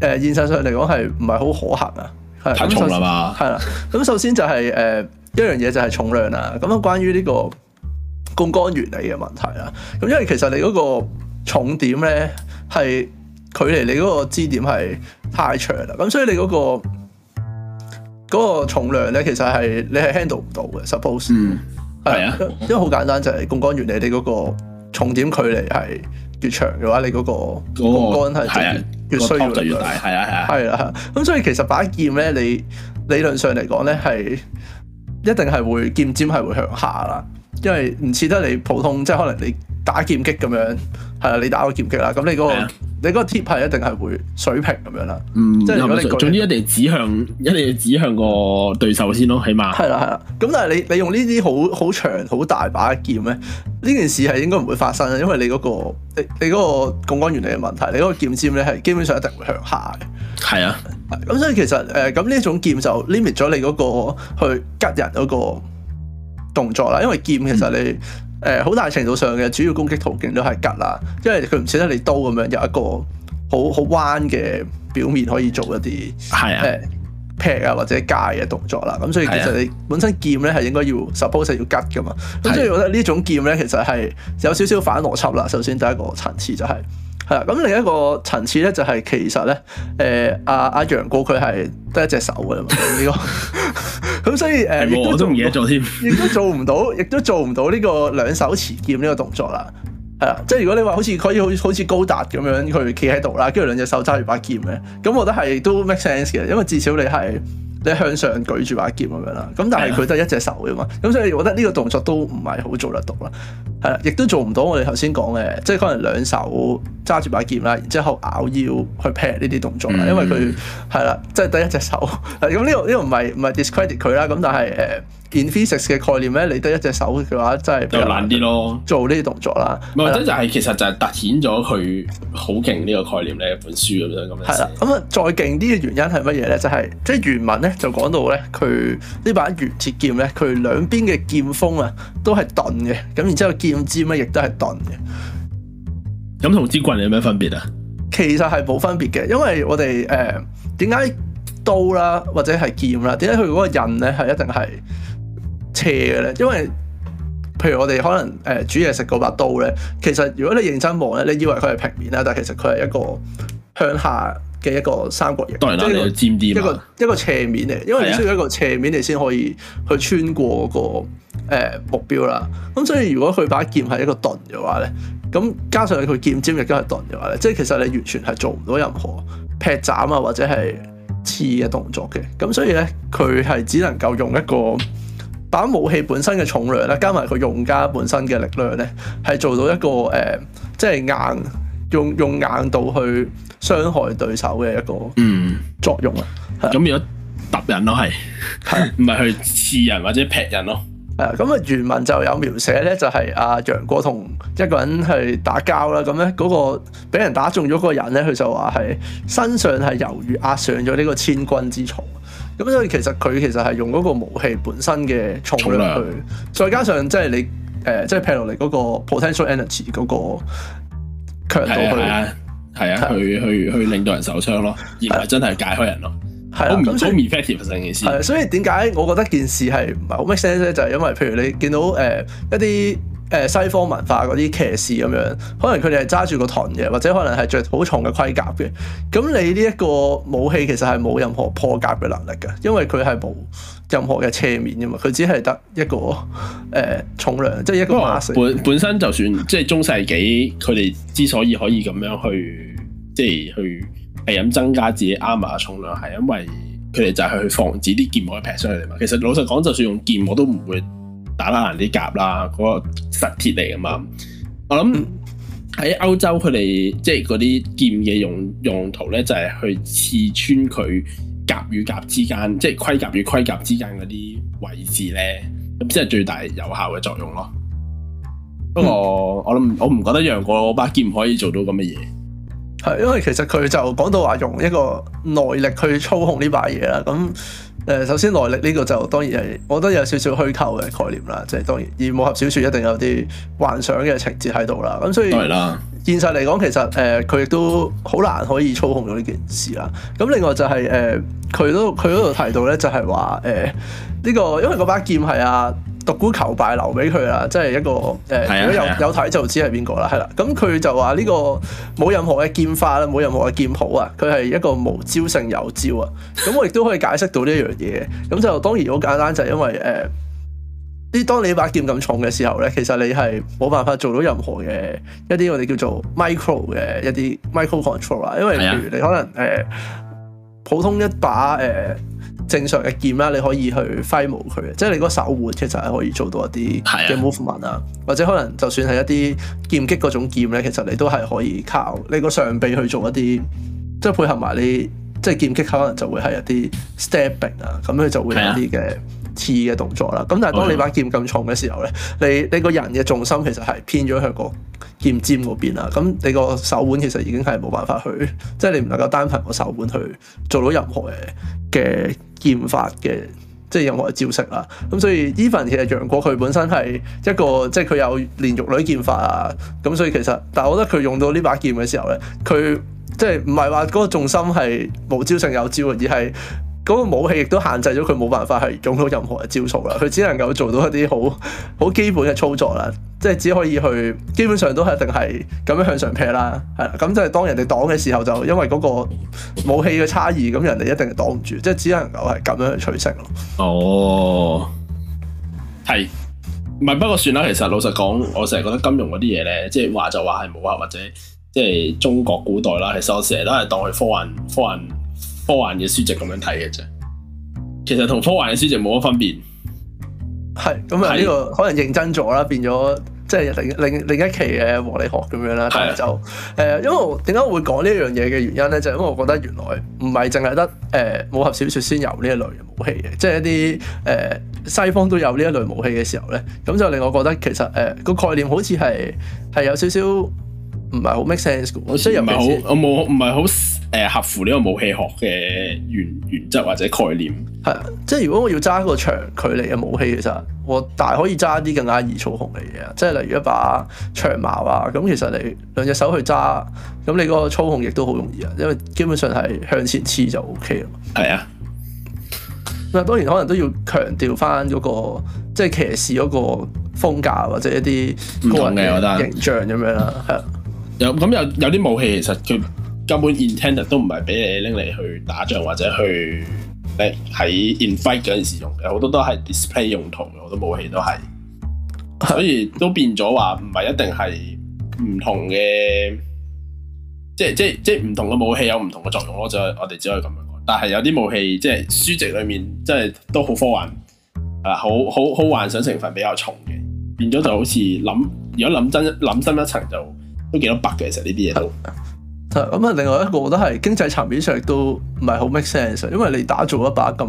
呃、現實上嚟講係唔係好可行啊？係重啦，咁首，首先就係、是、誒、呃、一樣嘢就係重量啦。咁啊，關於呢個槓桿原理嘅問題啦，咁因為其實你嗰個重點咧係。距離你嗰個支點係太長啦，咁所以你嗰、嗰個嗰個重量咧，其實係你係 handle 唔到嘅。Suppose 係啊，因為好簡單就係槓桿原理。你嗰個重點距離係越長嘅話，你嗰個槓桿係越需要越大，係啊係啊，係啦。咁所以其實把劍咧，你理論上嚟講咧係一定係會劍尖係會向下啦，因為唔似得你普通即係可能你。打劍擊咁樣，係啊，你打個劍擊啦，咁你嗰、那個的你嗰個 tip 係一定係會水平咁樣啦，嗯，即如果你總之一定指向一定要指向個對手先咯，起碼係啦係啦，咁但係你你用呢啲好好長好大把嘅劍咧，呢件事係應該唔會發生啊，因為你嗰、那個你你嗰個槓桿原理嘅問題，你嗰個劍尖咧係基本上一定會向下嘅，係啊的，咁的所以其實誒咁呢一種劍就 limit 咗你嗰個去拮人嗰個動作啦，因為劍其實你、嗯。誒好、欸、大程度上嘅主要攻擊途徑都係吉啦，因為佢唔似得你刀咁樣有一個好好彎嘅表面可以做一啲，係啊。欸劈啊或者戒嘅動作啦，咁所以其實你本身劍咧係應該要 suppose、啊、要拮㗎嘛，咁所以我覺得呢種劍咧其實係有少少反邏輯啦。首先第一個層次就係係啦，咁、啊、另一個層次咧就係其實咧誒阿阿楊過佢係得一隻手嘅嘛呢個，咁 所以誒亦都唔嘢做添，亦、呃、的都做唔到，亦 都做唔到呢個兩手持劍呢個動作啦。係啦， 即係如果你話好似可以好似好似高達咁樣，佢企喺度啦，跟住兩隻手揸住把劍嘅，咁我覺得係都 make sense 嘅，因為至少你係你向上舉住把劍咁樣啦。咁但係佢得一隻手㗎嘛，咁所以我覺得呢個動作都唔係好做得到啦。係啦、啊，亦都做唔到我哋頭先講嘅，即係可能兩手揸住把劍啦，然之後拗腰去劈呢啲動作啦，因為佢係啦，即係得一隻手。咁呢度呢度唔係唔係 discredit 佢啦，咁、這個、但係誒。劍 physics 嘅概念咧，你得一隻手嘅話，真係比較難啲咯，做呢啲動作啦，或者就係其實就係凸顯咗佢好勁呢個概念咧，本書咁樣咁樣。係啦，咁啊，再勁啲嘅原因係乜嘢咧？就係、是、即係原文咧就講到咧，佢呢把鉛鐵劍咧，佢兩邊嘅劍鋒啊都係鈍嘅，咁然之後劍尖咧亦都係鈍嘅。咁同支棍有咩分別啊？其實係冇分別嘅，因為我哋誒點解刀啦或者係劍啦，點解佢嗰個刃咧係一定係？斜嘅咧，因為譬如我哋可能誒、呃、煮嘢食嗰把刀咧，其實如果你認真望咧，你以為佢係平面啦，但其實佢係一個向下嘅一個三角形，啦即係尖啲，一個一個,一個斜面嚟，因為你需要一個斜面你先可以去穿過、那個誒、呃、目標啦。咁所以如果佢把劍係一個鈍嘅話咧，咁加上佢劍尖亦都係鈍嘅話咧，即係其實你完全係做唔到任何劈斬啊或者係刺嘅動作嘅。咁所以咧，佢係只能夠用一個。把武器本身嘅重量咧，加埋佢用家本身嘅力量咧，係做到一個誒、呃、即係硬用用硬度去傷害對手嘅一個嗯作用嗯啊。咁如果揼人咯，係係唔係去刺人或者劈人咯？誒，咁啊，原文就有描寫咧，就係阿楊過同一個人去打交啦。咁咧，嗰個俾人打中咗嗰個人咧，佢就話：「係身上係猶如壓上咗呢個千鈞之重。咁所以其實佢其實係用嗰個武器本身嘅重量去，量再加上即係你誒，即係劈落嚟嗰個 potential energy 嗰個強度去，係啊，係啊，啊啊去去去令到人受傷咯，啊、而唔係真係解開人咯。係啊，好唔 effective 成件事。係、啊、沒所以點解、啊、我覺得件事係唔係好 make sense 咧？就係、是、因為譬如你見到誒、呃、一啲。誒西方文化嗰啲騎士咁樣，可能佢哋係揸住個盾嘅，或者可能係着好重嘅盔甲嘅。咁你呢一個武器其實係冇任何破甲嘅能力嘅，因為佢係冇任何嘅斜面嘅嘛，佢只係得一個誒、呃、重量，即係一個 mass。本本身就算即係中世紀，佢哋之所以可以咁樣去即係去係咁增加自己 armor 嘅重量，係因為佢哋就係去防止啲劍冇劈傷佢哋嘛。其實老實講，就算用劍冇都唔會，打爛啲甲啦，嗰、嗰個實鐵嚟噶嘛。我諗喺歐洲佢哋即係嗰啲劍嘅用用途咧，就係、是、去刺穿佢甲與甲之間，即係盔甲與盔甲之間嗰啲位置咧，咁先係最大有效嘅作用咯。嗯、不，我不過我諗我唔覺得楊過把劍可以做到咁嘅嘢。係，因為其實佢就講到話用一個內力去操控呢把嘢啦。咁誒，首先內力呢個就當然係，我覺得有少少虛構嘅概念啦。即、就、係、是、當然，而武俠小説一定有啲幻想嘅情節喺度啦。咁所以，都係啦。現實嚟講，其實誒佢亦都好難可以操控到呢件事啦。咁另外就係、是、誒，佢、呃、都佢嗰度提到咧，就係話誒呢個，因為嗰把劍係啊。獨孤求敗留俾佢啦，即係一個誒，呃啊、如果有、啊、有睇就知係邊、啊、個啦，係啦。咁佢就話呢個冇任何嘅劍花啦，冇任何嘅劍譜啊，佢係一個無招勝有招啊。咁我亦都可以解釋到呢一樣嘢。咁就當然好簡單，就係因為誒，啲、呃、當你把劍咁重嘅時候咧，其實你係冇辦法做到任何嘅一啲我哋叫做 micro 嘅一啲 micro control 啦因為譬如你可能誒、啊呃、普通一把誒。呃正常嘅劍啦，你可以去揮舞佢，即係你嗰手腕其實係可以做到一啲嘅 movement 啊，或者可能就算係一啲劍擊嗰種劍咧，其實你都係可以靠你個上臂去做一啲，即係配合埋你即係劍擊可能就會係一啲 stepping 啊，咁佢就會有啲嘅。刺嘅動作啦，咁但係當你把劍咁重嘅時候咧，你你個人嘅重心其實係偏咗向個劍尖嗰邊啦，咁你個手腕其實已經係冇辦法去，即係你唔能夠單憑個手腕去做到任何嘅嘅劍法嘅即係任何嘅招式啦。咁所以 even 其實楊過佢本身係一個即係佢有練玉女劍法啊，咁所以其實但係我覺得佢用到呢把劍嘅時候咧，佢即係唔係話嗰個重心係冇招勝有招，而係，嗰個武器亦都限制咗佢冇辦法係用到任何嘅招數啦，佢只能夠做到一啲好好基本嘅操作啦，即係只可以去，基本上都係一定係咁樣向上劈啦，係啦，咁就係當人哋擋嘅時候就因為嗰個武器嘅差異，咁人哋一定係擋唔住，即係只能夠係咁樣去取勝咯。哦，係，唔係不過算啦。其實老實講，我成日覺得金融嗰啲嘢咧，即係話就話係冇啊，或者即係中國古代啦，其實我成日都係當佢科科幻。科幻嘅書籍咁樣睇嘅啫，其實同科幻嘅書籍冇乜分別。係，咁啊呢個可能認真咗啦，變咗即係另另另一期嘅物理學咁樣啦。係。就誒的、呃，因為點解我會講呢樣嘢嘅原因咧，就係、是、因為我覺得原來唔係淨係得誒武俠小說先有呢一、呃、一類武器嘅，即係一啲誒西方都有呢一類武器嘅時候咧，咁就令我覺得其實誒個、呃、概念好似係係有少少。唔係好 make sense 我雖然唔係好，我冇唔係好誒合乎呢個武器學嘅原原則或者概念。係啊，即係如果我要揸一個長距離嘅武器，其實我大可以揸啲更加易操控嘅嘢啊！即係例如一把長矛啊，咁其實你兩隻手去揸，咁你個操控亦都好容易啊，因為基本上係向前刺就 OK 啦。係啊，咁啊當然可能都要強調翻、那、嗰個即係騎士嗰個風格或者一啲個人嘅形象咁樣啦，係 有咁有有啲武器，其實佢根本 intend 都唔係俾你拎嚟去打仗，或者去誒喺 in fight 嗰陣時用嘅，好多都係 display 用途嘅。好多武器都係，所以都變咗話唔係一定係唔同嘅，即係即即唔同嘅武器有唔同嘅作用咯。就我哋只可以咁樣講，但係有啲武器即係書籍裏面真係都好科幻啊，好好好幻想成分比較重嘅，變咗就好似諗如果諗真一諗深一層就。都幾多百嘅其實呢啲嘢都咁啊！另外一個我都係經濟層面上亦都唔係好 make sense，因為你打造一把咁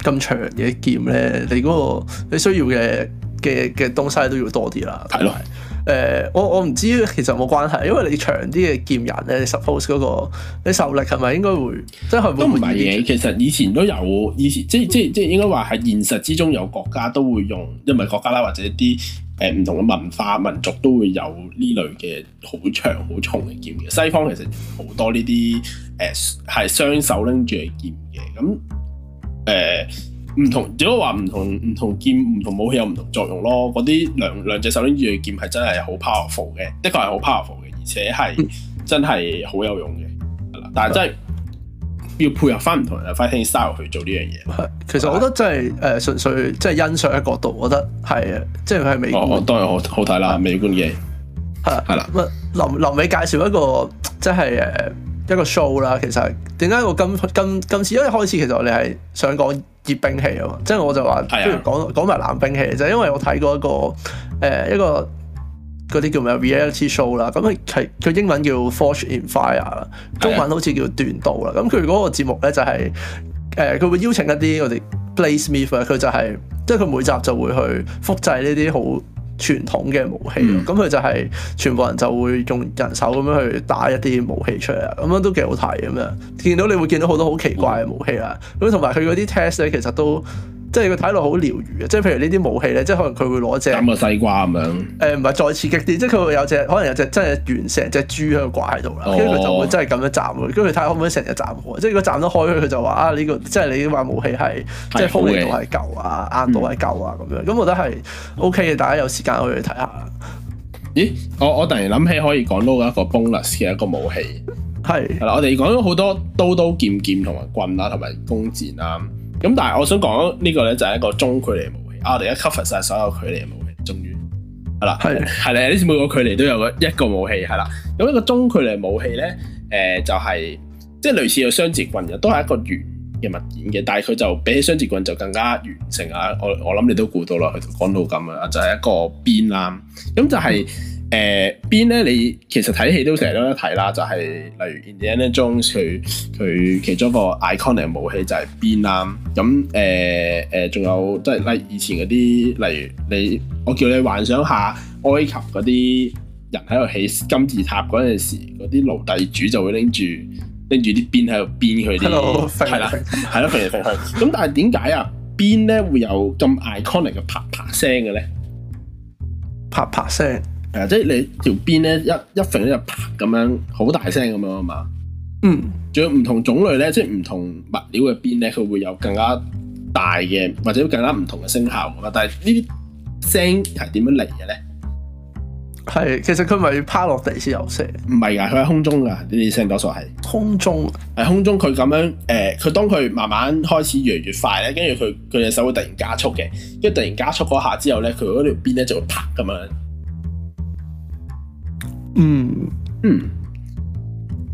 咁長嘅劍咧，你嗰個你需要嘅嘅嘅東西都要多啲啦。係咯，係。誒、呃，我我唔知其實有冇關係，因為你長啲嘅劍人咧，你 suppose 嗰、那個你受力係咪應該會？即係都唔係嘢。其實以前都有，以前即即即應該話係現實之中有國家都會用，因為國家啦，或者啲誒唔同嘅文化民族都會有呢類嘅好長好重嘅劍嘅。西方其實好多呢啲誒係雙手拎住嘅劍嘅。咁誒。呃唔同，如果話唔同唔同劍唔同武器有唔同作用咯。嗰啲兩兩隻手拎住嘅劍係真係好 powerful 嘅，的確係好 powerful 嘅，而且係、嗯、真係好有用嘅。係啦，但係真係要配合翻唔同人嘅 fighting style 去做呢樣嘢。其實我覺得真係誒是的 純粹即係欣賞嘅角度，我覺得係啊，即係佢係美觀。哦，當然好好睇啦，美觀嘅係係啦。咁臨臨尾介紹一個即係誒一個 show 啦。其實點解我今今今次因為開始其實我哋係想講。熱兵器啊嘛，即係我就話不如講講埋冷兵器，就係、因為我睇過一個誒、呃、一個嗰啲叫咩 Reality Show 啦，咁係佢英文叫 Forge in Fire 啦，中文好似叫斷刀啦。咁佢嗰個節目咧就係、是、誒，佢、呃、會邀請一啲我哋 Blade Smith 啊，佢就係即係佢每集就會去複製呢啲好傳統嘅武器咯，咁佢、嗯、就係、是、全部人就會用人手咁樣去打一啲武器出嚟，咁樣都幾好睇咁樣。見到你會見到好多好奇怪嘅武器啦，咁同埋佢嗰啲 test 咧，測試其實都。即係佢睇落好療癒嘅，即係譬如呢啲武器咧，即係可能佢會攞隻咁個西瓜咁樣。誒，唔係再刺激啲，即係佢會有隻可能有隻真係原成隻豬喺度掛喺度啦，跟住佢就會真係咁樣斬啦。跟住睇可唔可以成日斬。即係如果斬得開，佢就話，啊，呢個即係你話武器係即係好，利度係夠啊，硬度係夠啊咁樣。咁我覺得係 OK 嘅，大家有時間可以去睇下。咦？我我突然諗起可以講到一個 bonus 嘅一個武器，係係啦，我哋講咗好多刀刀劍劍同埋棍啦，同埋弓箭啊。Lup 咁但係我想講呢個咧就係一個中距離武器，啊、我哋而家 cover 晒所有距離武器，終於係啦，係係咧，呢次每個距離都有一個武器係啦。咁呢個中距離武器咧，誒、呃、就係、是、即係類似有雙節棍嘅，都係一個圓嘅物件嘅，但係佢就比起雙節棍就更加完成。啊！我我諗你都估到啦，佢講到咁樣啊，就係、是、一個邊啦，咁就係、是。嗯誒，鞭咧、呃，你其實睇戲都成日都有睇啦，就係、是、例如 Indiana Jones 佢佢其中一個 iconic 武器就係鞭啦。咁誒誒，仲、呃呃、有即係例如以前嗰啲，例如你我叫你幻想下埃及嗰啲人喺度起金字塔嗰陣時，嗰啲奴隸主就會拎住拎住啲鞭喺度鞭佢啲，係啦，係咯 Hello, 的，拂去拂去。咁但係點解啊？鞭咧會有咁 iconic 嘅啪啪聲嘅咧？啪啪聲。誒、啊，即係你條鞭咧，一一甩咧就啪咁樣好大聲咁樣啊嘛。嗯，仲有唔同種類咧，即係唔同物料嘅鞭咧，佢會有更加大嘅或者更加唔同嘅聲效啊。但係呢啲聲係點樣嚟嘅咧？係，其實佢咪趴落地先有聲？唔係噶，佢喺空中噶呢啲聲，聲多數係空中、啊。係空中，佢咁樣誒，佢當佢慢慢開始越嚟越快咧，跟住佢佢隻手會突然加速嘅，跟住突然加速嗰下之後咧，佢嗰條鞭咧就會啪咁樣。嗯、mm. 嗯，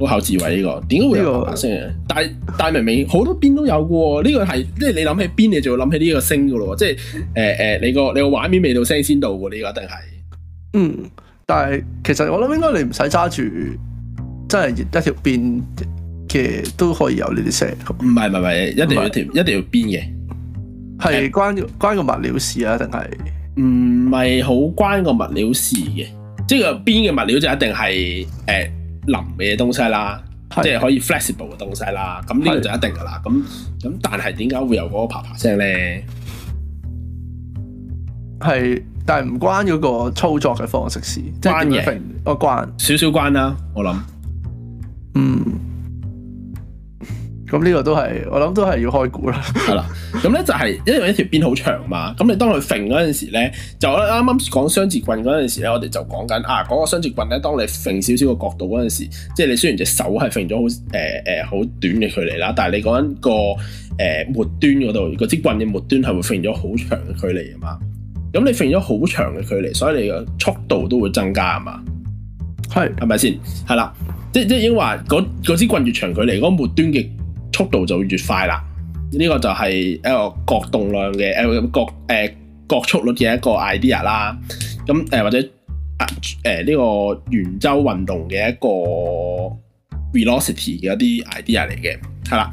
好考智慧，呢個點解會有啪啪聲嘅這個？但係但係明明好多邊都有嘅呢、這個係即係你諗起邊你就會諗起呢個聲噶咯，即係誒誒你個你個畫面未到聲先到嘅呢、這個一定係。嗯，但係其實我諗應該你唔使揸住，真係一條邊嘅都可以有呢啲聲。唔係唔係一定要條是一定要邊嘅，係關關個物料事啊？定係唔係好關個物料事嘅？即係邊嘅物料就一定係誒腍嘅東西啦，是的 即係可以 flexible 嘅東西啦。咁呢個就一定㗎喇。咁咁是的，但係點解會有嗰個啪啪聲咧？係，但係唔關嗰個操作嘅方式事，係即係關嘢係，我關少少關啦、啊，我諗。嗯。咁呢、嗯、個都係，我諗都係要開估啦、 嗯，係啦。咁咧就係、是、因為一條鞭好長嘛，咁、嗯、你當佢揈嗰陣時咧，就我啱啱講雙節棍嗰陣時咧，我哋就講緊啊嗰個雙節棍咧，當你揈少少個角度嗰陣時，即係你雖然隻手係揈咗好誒誒好短嘅距離啦，但係你嗰、那個誒、呃、末端嗰度，嗰支棍嘅末端係會揈咗好長嘅距離啊嘛。咁、嗯、你揈咗好長嘅距離，所以你嘅速度都會增加啊嘛。係係咪先？係啦是、嗯嗯，即即係因為嗰嗰支棍越長距離，嗰、那個、末端嘅。速度就越快啦，呢、這個就係一個角動量嘅誒角誒角速率嘅一個 idea 啦，咁、呃、誒或者啊呢、呃這個圓周運動嘅一個 velocity 嘅一啲 idea 嚟嘅，係啦，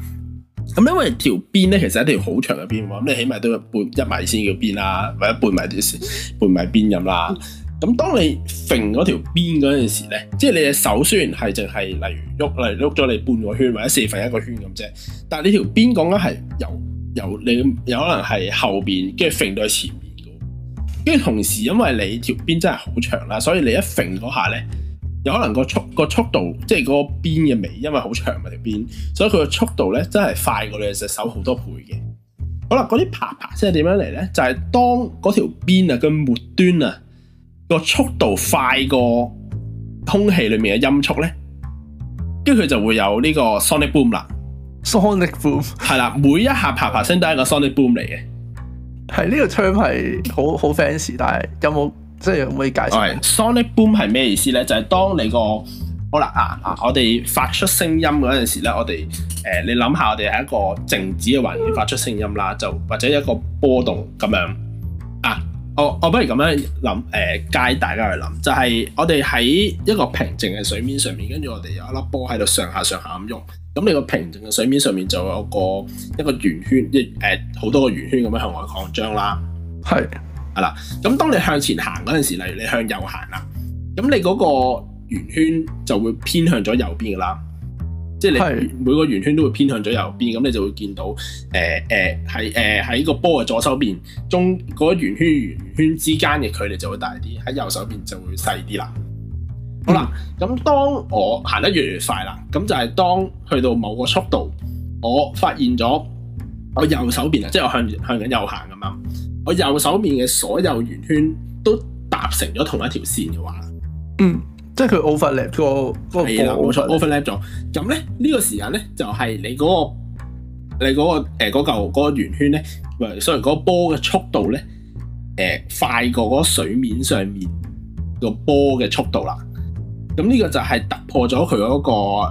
咁因為條邊咧其實一條好長嘅邊喎，咁你起碼都要半一米先叫邊啦，或者半米啲半米邊咁啦。 咁當你揈嗰條邊嗰陣時咧，即係你隻手雖然係淨係例如喐嚟喐咗你半個圈或者四分一個圈咁啫，但係你條邊講緊係由由你有可能係後邊跟住揈到前面嘅，跟住同時因為你條邊真係好長啦，所以你一揈嗰下咧，有可能個速個速度即係嗰個邊嘅尾，因為好長嘅條邊，所以佢嘅速度咧真係快過你隻、就是、手好多倍嘅。好啦，嗰啲啪啪聲係點樣嚟咧？就係、是、當嗰條邊啊嘅末端啊。個速度快過空氣裏面嘅音速咧，跟住佢就會有呢個 sonic boom 啦。sonic boom 係啦，每一下啪啪聲都係個 sonic boom 嚟嘅。係呢個 term 係好好 fancy，但係有冇即係可以解釋？sonic boom 係咩意思咧？就係、是、當你個好啦啊啊，我哋發出聲音嗰陣時咧，我哋誒、呃、你諗下，我哋係一個靜止嘅環境發出聲音啦，就或者一個波動咁樣。我我不如咁樣諗，誒介大家去諗，就係我哋喺一個平靜嘅水面上面，跟住我哋有一粒波喺度上下上下咁用，咁你個平靜嘅水面上面就有個一個圓圈，即係好多個圓圈咁樣向外擴張啦。係，係啦。咁當你向前行嗰陣時，例如你向右行啦，咁你嗰個圓圈就會偏向咗右邊噶啦。即係你每個圓圈都會偏向左右邊，咁你就會見到誒誒係誒喺個波嘅左手邊，中嗰、嗰個圓圈圓圈之間嘅距離就會大啲，喺右手邊就會細啲啦。好啦，咁、嗯、當我行得越嚟越快啦，咁就係當去到某個速度，我發現咗我右手邊啊，即、就、係、是、我向向緊右行咁樣，我右手邊嘅所有圓圈都搭成咗同一條線嘅話，嗯。即係佢 overlap 個個波，冇錯，overlap 咗。咁咧呢個時間咧，就係你嗰個你嗰個誒嗰嚿圓圈咧，所以嗰波嘅速度咧，誒快過嗰水面上面個波嘅速度啦。咁呢個就係突破咗佢嗰個誒誒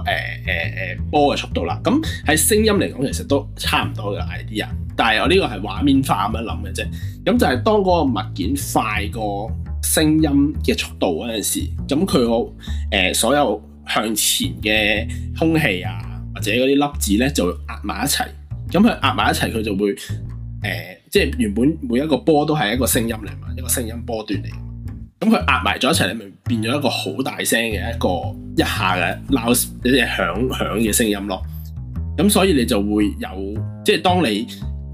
波嘅速度啦。咁喺聲音嚟講，其實都差唔多嘅 idea。但係我呢個係畫面化咁樣諗嘅啫。咁就係當嗰個物件快過，聲音嘅速度嗰陣時，咁佢個誒所有向前嘅空氣啊，或者嗰啲粒子咧就壓埋一齊，咁佢壓埋一齊，佢就會誒、呃，即係原本每一個波都係一個聲音嚟嘛，一個聲音波段嚟。咁佢壓埋咗一齊，你咪變咗一個好大聲嘅一個一下嘅鬧一隻響響嘅聲音咯。咁所以你就會有，即係當你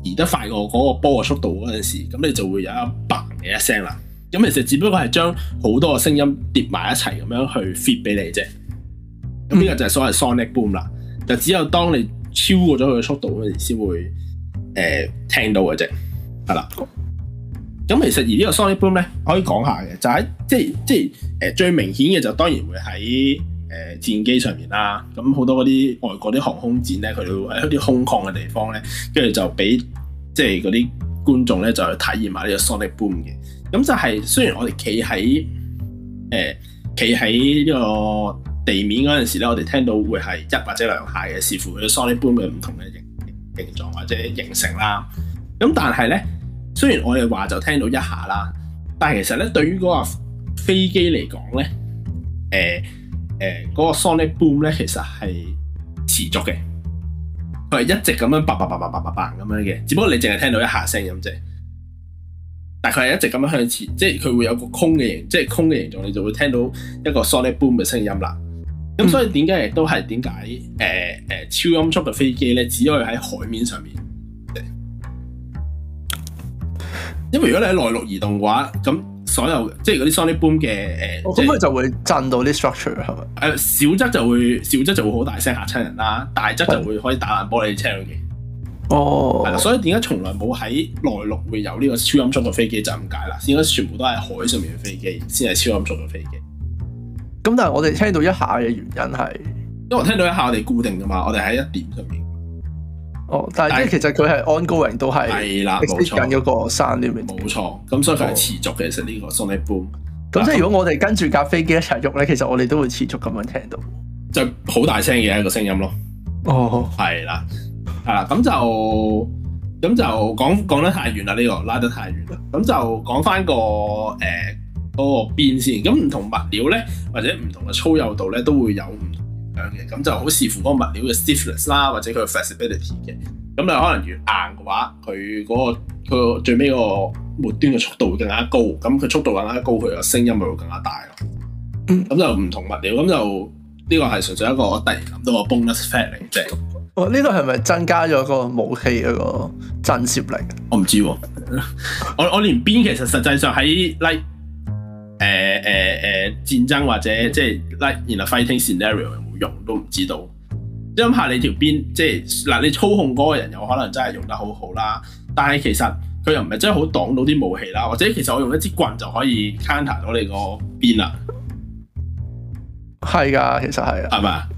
移得快過嗰個波嘅速度嗰陣時，咁你就會有一嘣嘅一聲啦。咁其實只不過係將好多個聲音疊埋一齊咁樣去 fit 俾你啫。咁呢個就係所謂 sonic boom 啦。嗯、就只有當你超過咗佢嘅速度時，你先會誒聽到嘅啫。係啦。咁、嗯、其實而個呢個 sonic boom 咧，可以講下嘅，就喺即係即係誒最明顯嘅就當然會喺誒、呃、戰機上面啦。咁好多嗰啲外國啲航空展咧，佢會喺一啲空曠嘅地方咧，跟住就俾即係嗰啲觀眾咧就去體驗埋呢個 sonic boom 嘅。咁就係，雖然我哋企喺誒企喺呢個地面嗰陣時咧，我哋聽到會係一或者兩下嘅，視乎佢 sonic boom 嘅唔同嘅形形狀或者形成啦。咁但係咧，雖然我哋話就聽到一下啦，但係其實咧，對於嗰個飛機嚟講咧，誒誒嗰個 sonic boom 咧，其實係持續嘅，佢係一直咁樣叭叭叭叭叭叭叭咁樣嘅，只不過你淨係聽到一下聲音啫。但佢係一直咁樣向前，即係佢會有個空嘅形，即係空嘅形狀，你就會聽到一個 sonic boom 嘅聲音啦。咁所以點解亦都係點解？誒誒、呃呃，超音速嘅飛機咧，只可以喺海面上面。因為如果你喺內陸移動嘅話，咁所有即係嗰啲 sonic boom 嘅誒，呃、哦，咁佢就，就會震到啲 structure 係咪？誒，小則就會小則就會好大聲吓親人啦，大則就會可以打爛玻璃車嘅。.哦，係啦，所以點解從來冇喺內陸會有呢個超音速嘅飛機就咁解啦？應該全部都係海上面嘅飛機先係超音速嘅飛機。咁但係我哋聽到一下嘅原因係，因為我聽到一下我哋固定噶嘛，我哋喺一點上面。哦、oh，但係即係其實佢係 ongoing 都係，係啦，冇錯，近嗰個山裏面。冇錯，咁所以佢係持續嘅。其實呢個 sonic boom。咁即係、嗯、如果我哋跟住架飛機一齊喐咧，其實我哋都會持續咁樣聽到。就好大聲嘅一個聲音咯。哦，係啦。係啦，咁、啊、就咁就講講得太遠啦，呢、這個拉得太遠啦。咁就講翻個誒嗰、呃那個邊先，咁唔同物料咧，或者唔同嘅粗幼度咧，都會有唔同影響嘅。咁就好視乎嗰個物料嘅 stiffness 啦，或者佢嘅 flexibility 嘅。咁啊，可能越硬嘅話，佢嗰、那個佢個最尾個末端嘅速度會更加高。咁佢速度更加高，佢個聲音咪會更加大咯。咁就唔同物料，咁就呢、這個係純粹一個我突然諗到個 bonus fact 嚟嘅。我呢個係咪增加咗個武器嗰個震懾力？我唔知，啊 我，我我連邊其實實際上喺 like 誒誒誒戰爭或者即係 like in fighting scenario 有冇用都唔知道。即係諗下你條邊即係嗱，你操控嗰個人有可能真係用得好好啦，但係其實佢又唔係真係好擋到啲武器啦，或者其實我用一支棍就可以 counter 到你個邊啦。係噶，其實係啊，係咪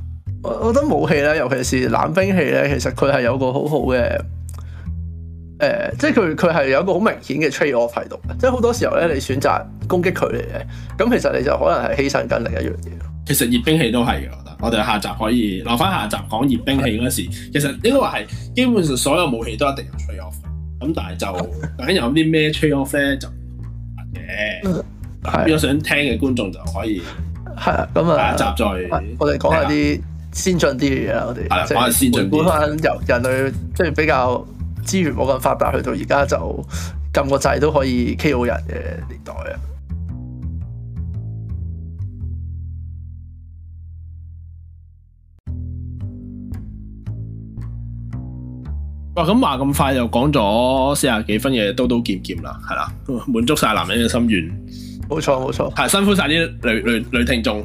我覺得武器咧，尤其是冷兵器咧，其實佢係有個好好嘅，誒、呃，即係佢佢係有個好明顯嘅 trade off 係度，即係好多時候咧，你選擇攻擊佢嚟嘅，咁其實你就可能係犧牲緊另一樣嘢。其實熱兵器都係嘅，我覺得。我哋下集可以留翻下集講熱兵器嗰時，的其實應該話係基本上所有武器都一定有 trade off，咁但係就究竟有啲咩 trade off 咧， 就唔同嘅。如果、嗯、想聽嘅觀眾就可以，係啊，咁啊，下一集再，我哋講下啲。先進啲嘅嘢啦，我哋的是先進回顧翻由人類即係比較資源冇咁發達，去到而家就撳個掣都可以 K O 人嘅年代啊！哇！咁話咁快又講咗四十幾分嘅刀刀劍劍啦，係啦，滿足晒男人嘅心願。冇錯冇錯，係辛苦晒啲女女女聽眾。.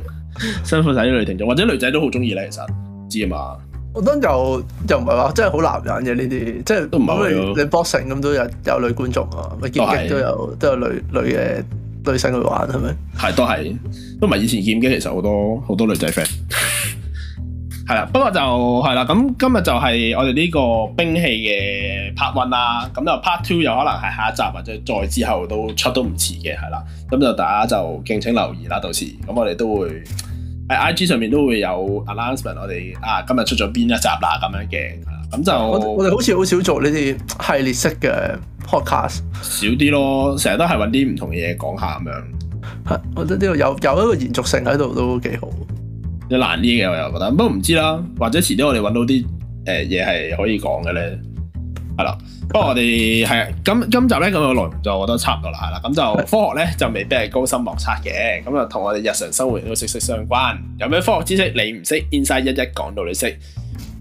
辛苦晒啲女聽眾，或者女仔都好中意咧。其實知嘛？我覺得又又唔係話真係好男人嘅呢啲，即係都唔係。你 boxing 咁都有有女觀眾啊，咪劍擊都有都有女女嘅女性去玩係咪？係都係，都唔係以前劍擊其實好多好多女仔 fans。 係啦，不過就係啦，咁今日就係我哋呢個兵器嘅 part one 啦，咁就 part two 有可能係下一集或者再之後都出都唔遲嘅，係啦，咁就大家就敬請留意啦，到時咁我哋都會喺 IG 上面都會有 announcement，我哋啊今日出咗邊一集啦，咁樣嘅，咁就我哋好似好少做呢啲系列式嘅 podcast，少啲咯，成日都係搵啲唔同嘅嘢講下咁樣，係、啊、我覺得呢度有有一個延續性喺度都幾好。有難啲嘅我又覺得，不過唔知啦，或者遲啲我哋揾到啲誒嘢係可以講嘅咧，係啦。不過我哋係咁，今集咧咁嘅內容我都，我覺得差唔多啦，係啦。咁就科學咧就未必係高深莫測嘅，咁啊同我哋日常生活都息息相關。有咩科學知識你唔識，Inscie 一一講到你識。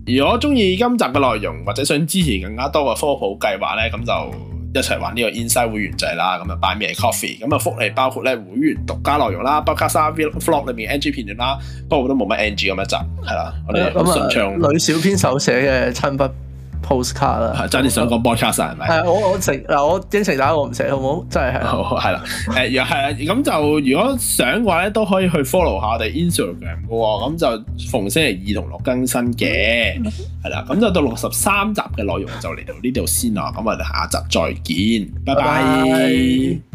如果中意今集嘅內容，或者想支持更加多嘅科普計劃咧，咁就。一齊玩呢個 Inscie 會員制啦，咁啊擺咩 coffee，咁啊福利包括咧會員獨家內容啦，包括沙 V vlog 裏面嘅 NG 片段啦，不過都冇乜 NG 咁一集，係啦，我哋咁順暢。女、嗯、小編手寫嘅親筆。postcard 係你想講 broadcast 係咪？係啊，我我食嗱，我應承大家我唔食，好唔好？真係係啊，係啦，誒，又係咁就如果想嘅話咧，都可以去 follow 下我哋 Instagram 噶喎，咁就逢星期二同六更新嘅，係啦，咁、嗯 嗯、就到六十三集嘅內容就嚟到呢度先啦，咁我哋下集再見，拜拜。